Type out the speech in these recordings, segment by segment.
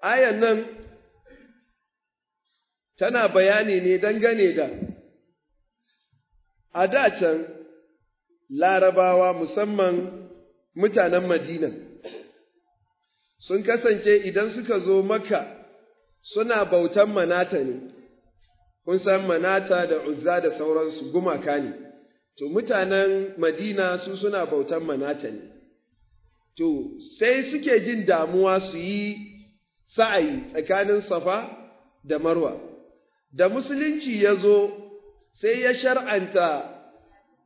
ayan nan tana bayani ne dangane da a da larabawa musamman mutanen Madina sun kasance idan suka zo maka suna bautan manata ne, kun san manata da uzza da sauransu gumaka ne, to mutanen Madina su suna bautan manata ne, to sai suke jin damuwa su yi sa'ayi tsakanin safa da marwa. Da musulunci ya zo sai ya shar'anta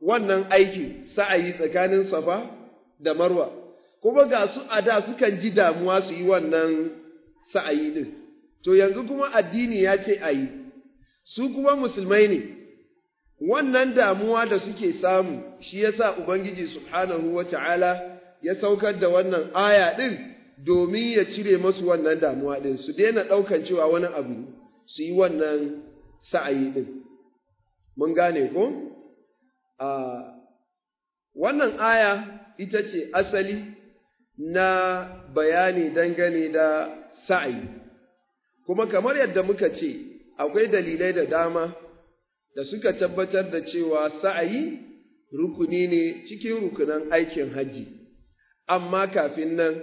wannan aikin sa'ayi tsakanin safa da marwa, kuma ga su a da sukan ji damuwa su yi wannan sa'ayi ɗin. To yanzu kuma addini ya ce a yi, su kuma musulmai ne, wannan damuwa da suke samu shi ya sa Ubangiji Subhanahu wa ta'ala ya saukar da wannan aya ɗin. domin ya cire masu wannan damuwa ɗin su daina ɗaukan cewa wani abu su yi wannan sa'ayi ɗin. Mun gane ko? Wannan aya ita ce asali na bayani dangane da sa'ayi, kuma kamar yadda muka ce, akwai dalilai da dama da suka tabbatar da cewa sa'ayi rukuni ne cikin rukunan aikin hajji, amma kafin nan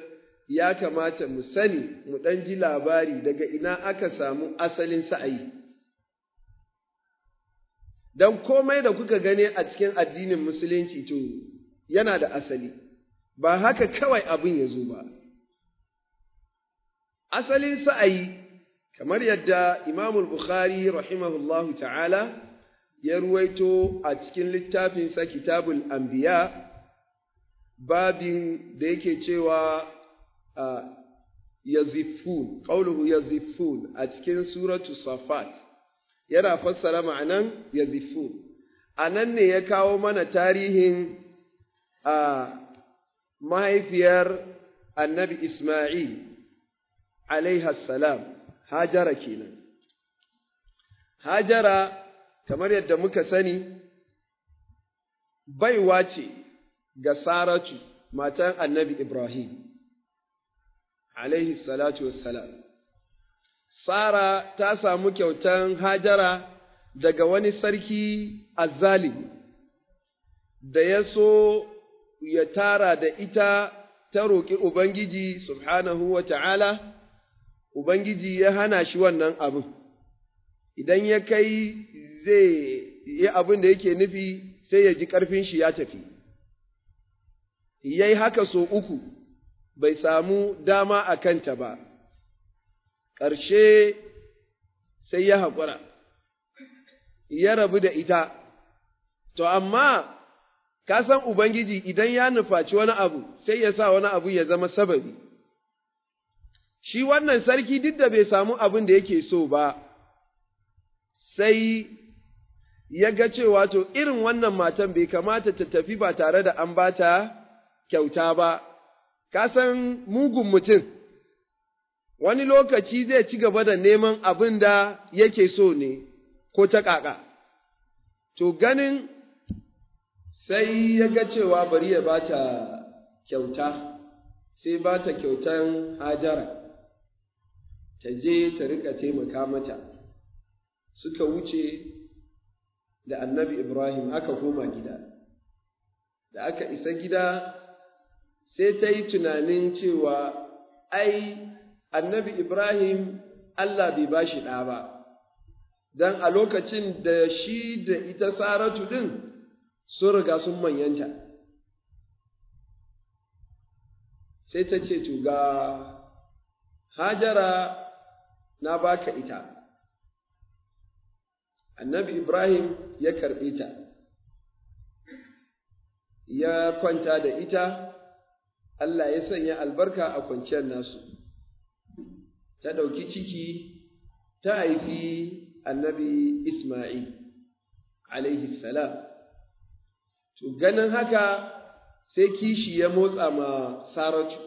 ya kamata mu sani mu ɗan ji labari daga ina aka samu asalin sa'ayi. Dan komai da kuka gani a cikin addinin Musulunci to yana da asali, ba haka kawai abin ya zo ba. Asalin sa'ayi, kamar yadda Imamul Bukhari rahimahullahu ta'ala ya ruwaito a cikin littafinsa Kitabul Ambiya. babin da yake cewa yazifun qawluhu yazifun a cikin suratu safat yana fassara ma'anan yazifun a nan ne ya kawo mana tarihin a mahaifiyar annabi Ismail alaihi salam Hajara kenan Hajara kamar yadda muka sani baiwa ce ga Saratu matan annabi Ibrahim alaihi salatu wassalam. Sara ta samu kyautan Hajara daga wani sarki Azali da ya so ya tara da ita ta roƙi Ubangiji subhanahu wa ta'ala, Ubangiji ya hana shi wannan abin, idan ya kai zai yi abin da yake nufi sai ya ji ƙarfin shi ya tafi, yayi haka so uku. bai samu dama a kanta ba, ƙarshe sai ya haƙura, ya rabu da ita, to amma ka san Ubangiji idan ya nufaci wani abu sai ya sa wani abu ya zama sababi. Shi wannan sarki duk da bai samu abin da yake so ba, sai ya ga cewa to irin wannan matan bai kamata ta tafi ba tare da an bata kyauta ba. kasan mugun mutum, wani lokaci zai ci gaba da neman abin da yake so ne ko ta ƙaƙa. To ganin sai ya ga cewa bari ya ba ta kyauta, sai ba ta kyautan hajara, ta je ta riƙa taimaka mata, suka wuce da annabi Ibrahim aka koma gida, da aka isa gida sai ta yi tunanin cewa ai annabi Ibrahim Allah bai ba shi ɗa ba, don a lokacin da shi da ita Saratu ɗin sun riga sun manyanta. Sai ta ce, To ga Hajara na baka ita, annabi Ibrahim ya karɓe ta, ya kwanta da ita. Allah ya sanya albarka a kwanciyar nasu, ta ɗauki ciki ta haifi annabi Ismail, alaihi salam. To ganin haka sai kishi ya motsa ma Saratu,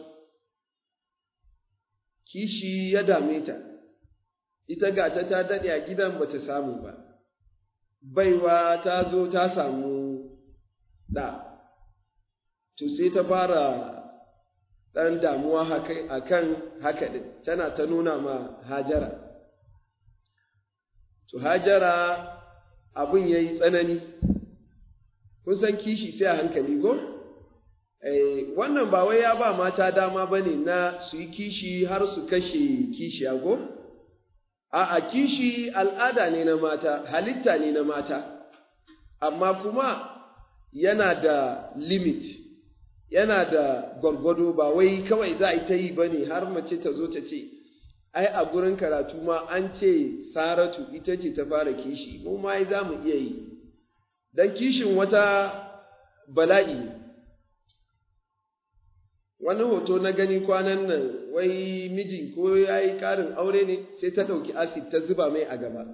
kishi ya dame ta, ita ga ta ta daɗe a gidan ba ta samu ba, baiwa ta zo ta samu ɗa, to sai ta fara ɗan damuwa a kan haka ɗin, tana ta nuna ma Hajara. To, Hajara abin ya yi tsanani, kun san kishi sai a hankali go? Eh, wannan ba wai ya ba mata dama ba ne na su yi kishi har su kashe kishi go? A'a kishi al'ada ne na mata, halitta ne na mata, amma kuma yana da limit. yana da gwargwado ba wai kawai za a yi ta yi ba ne har mace ta zo ta ce ai a gurin karatu ma an ce saratu ita ce ta fara kishi mu ma za mu iya yi dan kishin wata bala'i wani hoto na gani kwanan nan wai miji ko ya yi ƙarin aure ne sai ta ɗauki asid ta zuba mai a gaba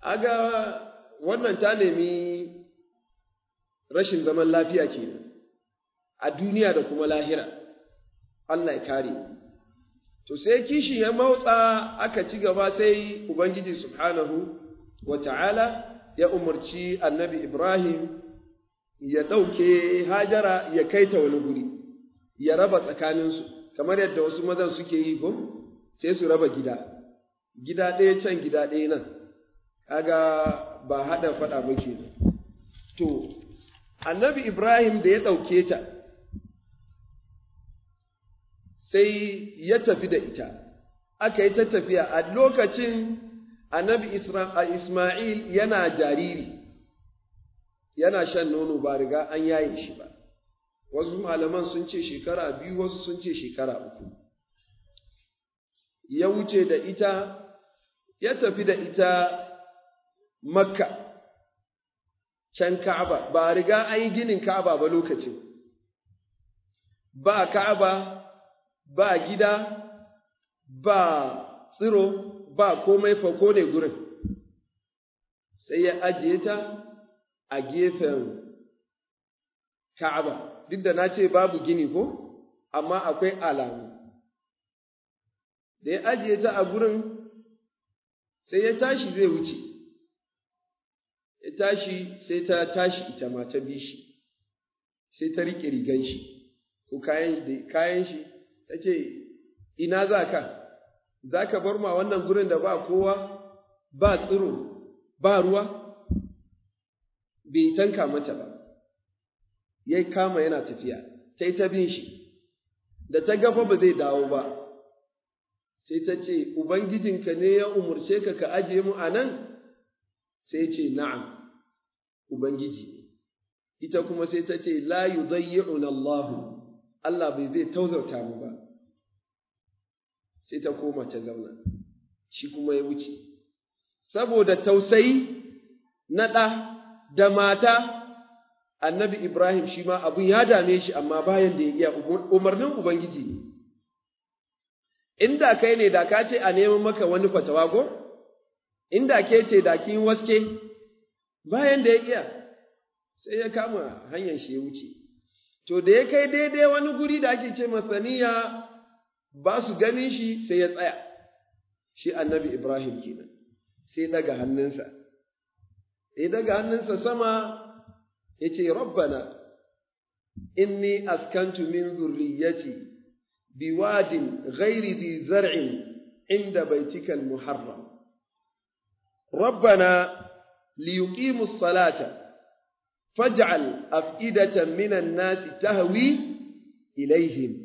aga wannan ta nemi rashin zaman lafiya ke a duniya da kuma lahira Allah ya kare to sai kishin ya mautsa aka ci gaba sai ubangiji subhanahu wa ta'ala ya umarci annabi Ibrahim ya ɗauke hajara ya kai ta wani guri, ya raba tsakaninsu, kamar yadda wasu mazan suke yi ko, sai su raba gida, gida ɗaya can gida ɗaya nan, kaga ba haɗa faɗa ba ke To, annabi Ibrahim da ya ɗauke ta sai ya tafi da ita, aka yi ta tafiya a lokacin annabi Ismail yana jariri, yana shan nono ba riga an yaye shi ba, wasu malaman sun ce shekara biyu wasu sun ce shekara uku. Ya wuce da ita, ya tafi da ita makka. can Ka'aba, ba riga an yi ginin Ka'aba ba lokacin, ba Ka'aba, ba gida, ba tsiro, ba komai fako ne gurin, sai ya ajiye ta a gefen Ka'aba, duk da na ce babu gini ko, amma akwai alamu. Da ya ajiye ta a gurin, sai ya tashi zai wuce. ya tashi sai ta tashi ita ma ta bi shi sai ta riƙe rigan shi ko kayan shi ta ce ina za ka za ka bar ma wannan gurin da ba kowa ba tsiro ba ruwa bai tanka mata ba ya kama yana tafiya ta yi ta bin shi da ta gafa ba zai dawo ba sai ta ce ubangijinka ne ya umarce ka ka ajiye mu a nan sai ce na'am ubangiji ita kuma sai ta ce la yi allahu Allah bai zai tauzauta mu ba sai ta koma ta zauna shi kuma ya wuce saboda tausayi na ɗa da mata annabi Ibrahim shi ma abin ya dame shi amma bayan da ya iya umarnin Ubangiji ne. Inda kai ne da ka ce a neman maka wani fatawa ko? inda ke ce da kin waske bayan da ya iya sai ya kama hanyar shi ya wuce to da ya kai daidai wani guri da ake ce masaniya ba su ganin shi sai ya tsaya shi annabi Ibrahim kenan sai daga hannunsa sai daga hannunsa sama ya yace rabbana inni askantu min zurriyati biwadin ghairi dhi zar'in inda baitikal muharram ربنا ليقيموا الصلاة فاجعل أفئدة من الناس تهوي إليهم